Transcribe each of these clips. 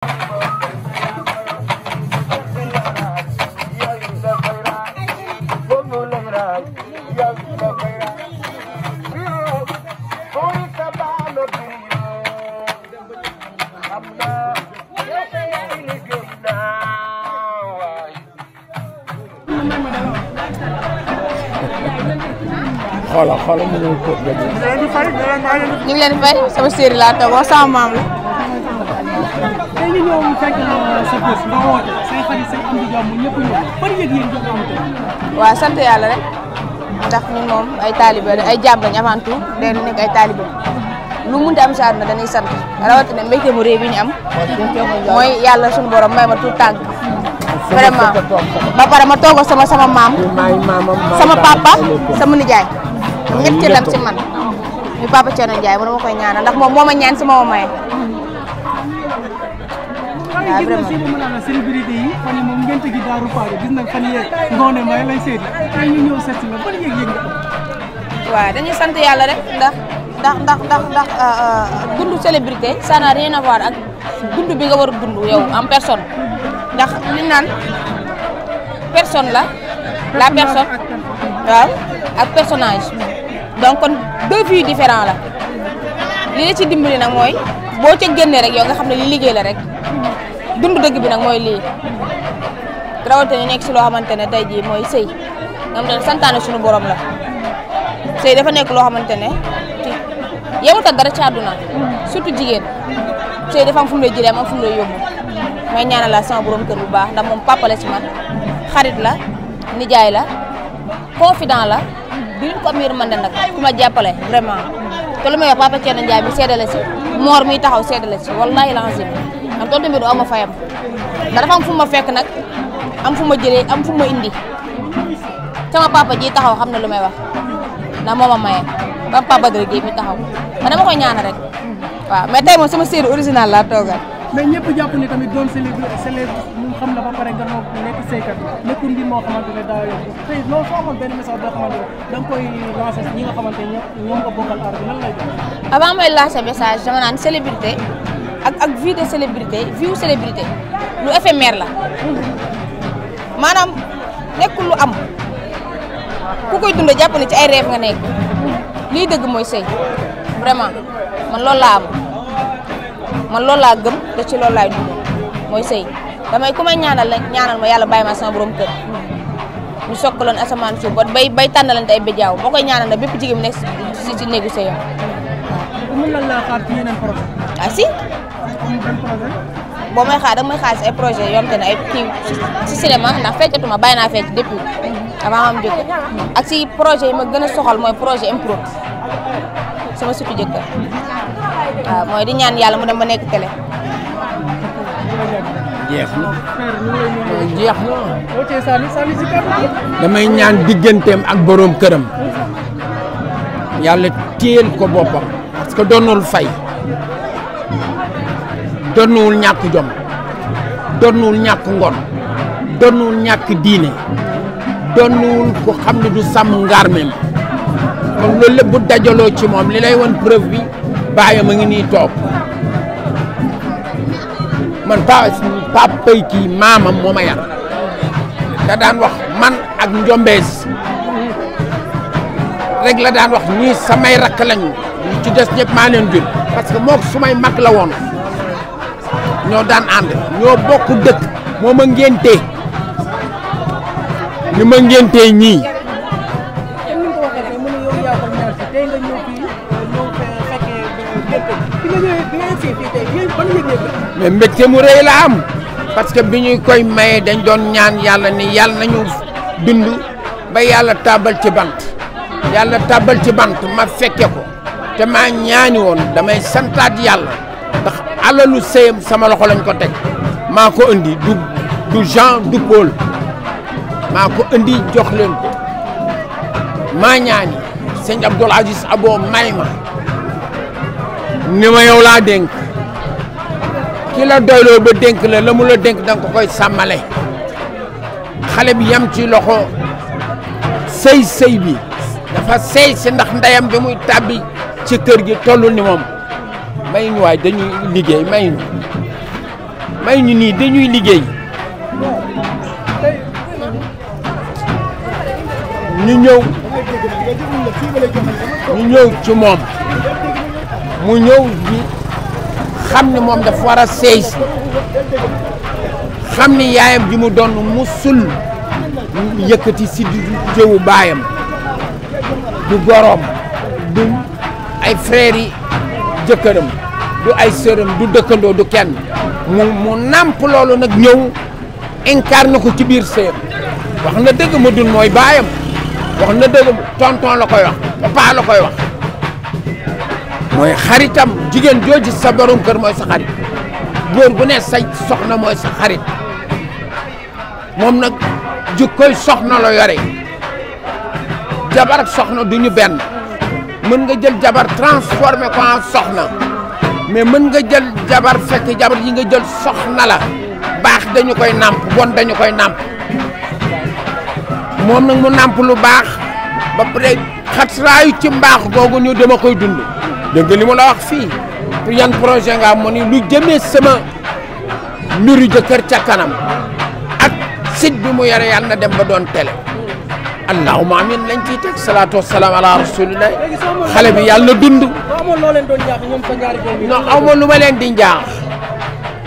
xoolal xoolal ñu ngi leen di fay ñu ngi leen di fay sama séeri laa toog sama maam la. dañu ñëw sant yàlla rek ndax ñun moom ay taalibe ay jàmm lañ avant tout day nekk ay taalibe lu munti am si àdduna dañuy sant rawatina mbégte mu réy bi ñu am. mooy yàlla suñu borom may ma tout tànk. vraiment ba pare ma toog sama sama maam. sama papa sama nijaay. ñett ci lam si man ne ma koy ñaanal ndax moom moo a ñaan sama ma ma maye. waaw vraiment gis na seen mën naa la célébrité yi fan yi moom ngeen tëggi Daaru Fado gis nag fan yee ngoone may lañ seeti ay ñu ñëw seet si la ban yëg-yëg nga waaw dañuy sant yàlla rek ndax ndax ndax ndax ndax euh, euh, dund célébrité ça n'a rien à voir ak dund bi nga war a dund yow en personne ndax liñ naan personne la la personne waaw ak personnage donc kon deux vues différents la li la ci dimbali nag mooy boo ca génnee rek yow nga xam ne li liggéey la rek dund dëgg bi nag mooy lii rawatina nekk si loo xamante ne tey jii mooy sëy nga xam ne santaane suñu borom la sëy dafa nekk loo xamante ne ci yemut ak dara ci àdduna surtout jigéen sëy dafa am fu mu lay jëlee am fu mu bu baax ndax moom papa la man xarit la nijaay la confident la duñ ko am yërmande nag ku ma jàppale vraiment te ma may wax papa Thierno Ndiaye mi seede la si moor mi taxaw seede la si wallahi lazim man tontu mbir aw ma fayam ndax dafa ma fekk nag am ma jëlee am fu ma indi sama papa taxaw xam na lu may wax ndax moo ma maye ba papa dara gi mi taxaw man dama koy ñaanal rek waaw mais tey moom sama série original laa toogal. mais ñëpp jàpp ni tamit doon célèbre célèbre mu xam la ba pare nga noo nekk saykat nekkul mbir moo xamante ne daa yomb tey loolu soo message boo xamante ne da ñi nga xamante ne ñoom nga message dama naan célébrité. ak ak vie de célébrité vie célébrité lu éphémère la maanaam nekkul lu am ku koy dund jàpp ne ci ay rêve nga nekk lii dëgg mooy sëy vraiment man loolu laa am man loolu laa gëm te ci loolu laay dund mooy sëy damay ku ñaanal la ñaanal ma yàlla bàyyi ma sama borom kër ñu sokkaloon asamaan suuf ba bay bay tànnalante ay béjaaw boo koy ñaanal na bépp jigéen bi nekk ci néegu sëyam ah si boo may xaar da xaar si ay projet yoo xam te ne ay kii si cinéma ndax feccatuma bàyyi naa fecc depuis projet yi gën a soxal mooy projet impro sama ñaan yàlla mu dem ba nekk télé jeex damay ñaan digganteem ak boroom këram yàlla téel ko boppam parce que doonul fay donnuwul ñàkk jom donnuwul ñàkk ngoon donnuwul ñàkk diine donnuwul ku xam ne du sàmm ngarmeem kon loolu lépp bu dajaloo ci moom li lay won preuve bi baayam a ngi nii toog man pa papay kii maamam moo ma yar daan wax man ak njombees rek la daan wax ñii samay rakk lañu ñu ci des ñëpp maa leen jur parce que moom su may mag la woon ñoo daan ànd ñoo bokk dëkk moo ma ngéntee ni ma ngéntee nii mais mbégte mu rëy la am parce que bi ñuy koy maye dañ doon ñaan yàlla ni yàlla nañu dund ba yàlla taabal ci bant yàlla tàbbal ci bant ma fekke ko te maa ñaani woon damay santaat yàlla ndax alalu sëyam sama loxo lañ ko teg maa ko indi du du Jean du Paul maa ko indi jox leen ko maa ñaani sëñ Abdoul Aziz Abo may ma ni ma yow laa dénk ki la doyloo ba dénk la la mu la dénk danga koy sàmmale xale bi yam ci loxo sëy sëy bi dafa sëy si ndax ndeyam bi muy tàbbi ci kër gi tollu ni moom may ñu dañuy liggéey may ñu nii dañuy liggéey ñu ñëw ñu ñëw ci moom mu ñëw di xam ni moom dafa war a seey si xam ni yaayam ji mu doon musul yëkkati si jëwu baayam du goroom du ay frères yi jëkkëram du ay sëram du dëkkandoo du kenn mu mu nàmp loolu nag ñëw incarne ko ci biir sëyam wax na dëgg ma dun mooy baayam wax na dëgg tonton la koy wax papa la koy wax mooy xaritam jigéen jooju sa borom kër mooy sa xarit góor bu ne say soxna mooy sa xarit moom nag jikkoy soxna la yore soxna du ñu benn mën nga jël jabar transformé ko en soxna mais mën nga jël jabar fekk jabar ji nga jël soxna la baax dañu koy nàmp bon dañu koy nàmp moom nag mu nàmp lu baax ba pare xatraayu ci mbaax googu ñu dama koy dund dégg nga ma la wax fii pour yan projet nga am ma ni lu jëmee sama mbiru jëkkër ca kanam ak sit bi mu yore yàlla na dem ba doon télé allahuma amin lañ ciy teg salaatu wasalaam ala rasulillah xale bi yàlla dund. non aw ma lu ma leen di njaax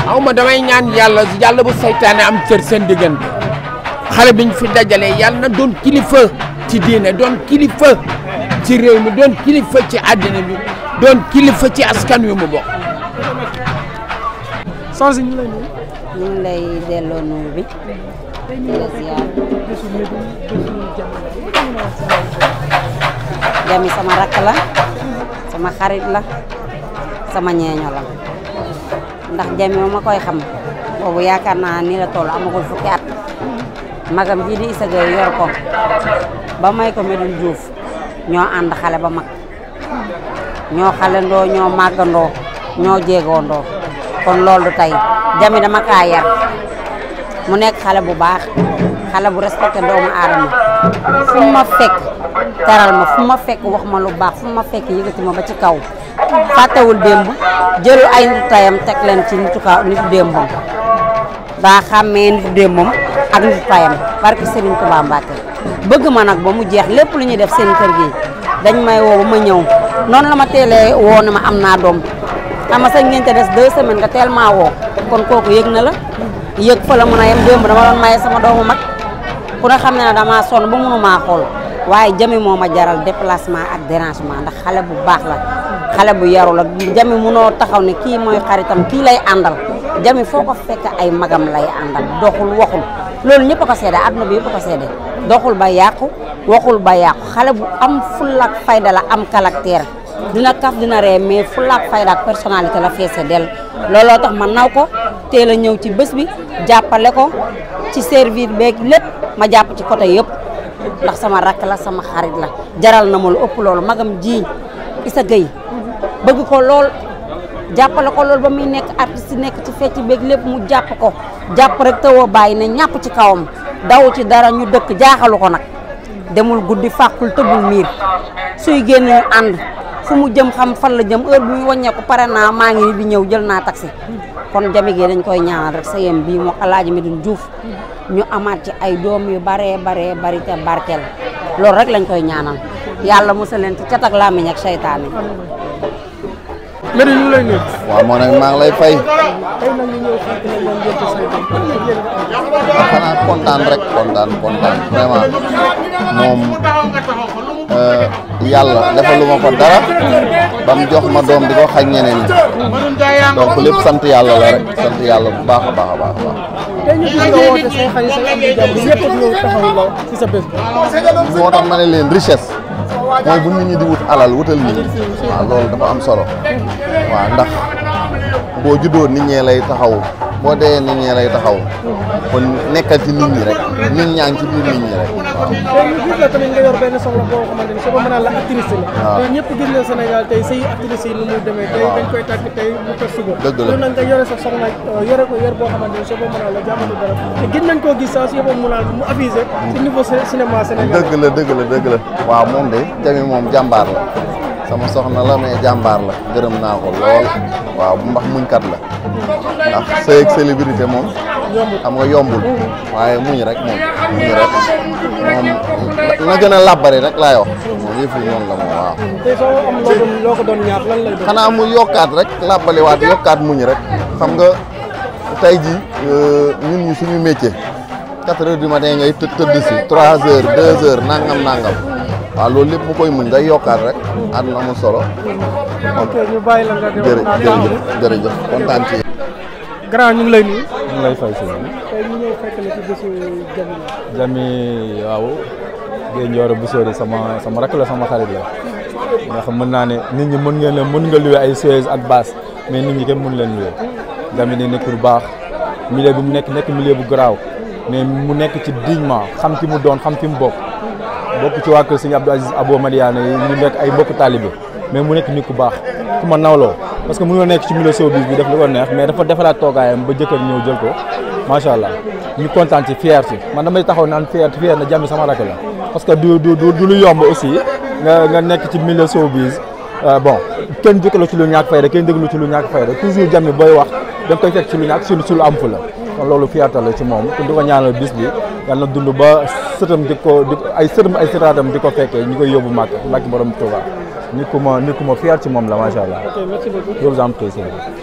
aw ma damay ñaan yàlla yàlla bu saytaane am cër seen diggante xale biñ fi dajale yàlla na doon kilifa ci diine doon kilifa ci réew mi doon kilifa ci àddina bi doon kilifa ci askan wi mu bokk. Jami sama rakk la sama xarit la sama ñeeño la ndax Jami ma koy xam boobu yaakaar naa ni la toll amagul fukki at magam ji di Issa yor ko ba may ko Medoune juuf ñoo ànd xale ba mag ñoo xalandoo ñoo màggandoo ñoo jéegoondoo kon loolu du tey Jami dama kaa yar mu nekk xale bu baax xale bu respecté doomu aadama fu ma fekk taral ma fu ma fekk wax ma lu baax fu ma fekk yëgati ma ba ci kaw fàttewul démb jël ay nitu tayam teg leen ci nitu kaw nitu démbam daa xàmmee nitu démbam ak nitu tayam barke Serigne Touba Mbacké bëgg ma nag ba mu jeex lépp lu ñuy def seen kër gi dañ may woo ba ma ñëw noonu la ma teelee woo na ma am naa doom xam nga sa ngénte des deux semaines nga teel maa woo kon kooku yëg na la yëg fa la mën a yem démb dama doon maye sama doomu mag ku ne xam ne ne damaa sonn ba mënu maa xool waaye jami moo ma jaral déplacement ak dérangement ndax xale bu baax la xale bu yaru la jami munoo taxaw ne kii mooy xaritam kii lay àndal jami foo ko fekk ay magam lay àndal doxul waxul loolu ñëpp a ko seede àdduna bu yëpp a ko seede doxul ba yàqu waxul ba yàqu xale bu am fullaak fayda la am caractère dina kaf dina ree mais fullaak fayda ak personnalité teel a ñëw ci bés bi jàppale ko ci servir beeg lépp ma jàpp ci côté yëpp ndax sama rakk la sama xarit la jaral na ma lu ëpp loolu magam jiiñ Issa Gueye bëgg ko lool jàppale ko lool ba muy nekk artiste nekk ci fecc beeg lépp mu jàpp ko jàpp rek tawoo bàyyi ne ñàpp ci kawam daw ci dara ñu dëkk jaaxalu ko nag demul guddi fàqul tëbul miir suy génn ànd fu mu jëm xam fan la jëm heure bu wàññeeku pare naa maa di ñëw jël naa taxi kon jami gi dañ koy ñaanal rek sëyam bii moo alaaji Medoune Diouf ñu amaat ci ay doom yu baree baree bari te barkeel loolu rek lañ koy ñaanal yàlla mosal leen ci cat ak làmmiñ ak seytaane Medoune Euh, yàlla defaluma ko dara ba jox ma doom di ko xañ ñeneen donc lépp sant yàlla la rek sant yàlla bu baax a baax a baax a baax. moo tax ma ne leen richesse mooy bu nit ñi di wut alal wutal nit ñi waaw loolu dafa am solo waaw ndax boo juddoo nit ñee lay taxaw. boo dee nit ñi yi taxaw kon nekkal ci nit ñi rek nit ñaa ci biir nit ñi rek waaw ñu gis la tamit nga yor benn soxla la yi nu muy demee tey dañ dëgg boo xamante soo ko mën a la jàmmatu dara te gis nañ koo gis saa su yëppoon mu naan mu avisé ci niveau cinéma Sénégal dëgg dëgg la dëgg la waaw moom de Jami moom jàmbaar la sama soxna la mais jàmbaar la gërëm naa ko lool waaw bu mbax muñkat la ndax sëy ak célébrité moom xam nga yombul waaye muñ rek moom muñ rek moom na gën a làbbari rek laay wax moom yëf yi noonu la moom waaw. xanaa mu yokkaat rek làbbaliwaat yokkaat muñ rek xam nga tey ji euh, ñun ñu suñu métier quatre heures du matin ngay të tëdd si trois heures deux heures nangam nangam. waaw loolu lépp bu koy muñ day yokkaat rek a mu solo. ok ñu bàyyi la nga dem jërëjëf jërëjëf kontaan ci. ñu ngi lay nuyu. ñu ngi lay fay si sama sama rakk la sama xarit la. ndax mën naa ne nit ñi mën ngeen leen mën nga luwe ay chaise ak basse mais nit ñi kenn mën leen luwe. Diamy di nekk bu baax. milieu bi mu nekk nekk milieu bu garaaw. mais mu nekk ci dignement xam ki mu doon xam ki mu bokk. bokk ci waa kër sëñ Abdou Aziz Abo Madiane yi ñu nekk ay mbokk taalibe mais mu nekk nit ku baax ku ma nawloo parce que mënoo nekk ci milieu showbiz bi def lu ko neex mais dafa defaraat toogaayam ba jëkkër ñëw jël ko macha allah kontaan ci fier ci man damay taxaw naan fier fier na sama la parce que du du du lu yomb aussi nga nga nekk ci milieu showbiz euh, bon kenn jëkkalu ci lu ñàkk fayda kenn déglu ci lu ñàkk fayda toujours jàmmi booy wax da nga koy fekk ci lu ñàkk ci lu am fu la kon loolu fiyaatal la ci moom kon di ko ñaanal bis bi yàlla na dund ba sëtam di ko di ay sëtam ay sëtaatam di ko fekkee ñu koy yóbbu màkk mbàkki borom Tuuba nit ku ma nit ku ma fiyaat ci moom la macha allah. ok merci beaucoup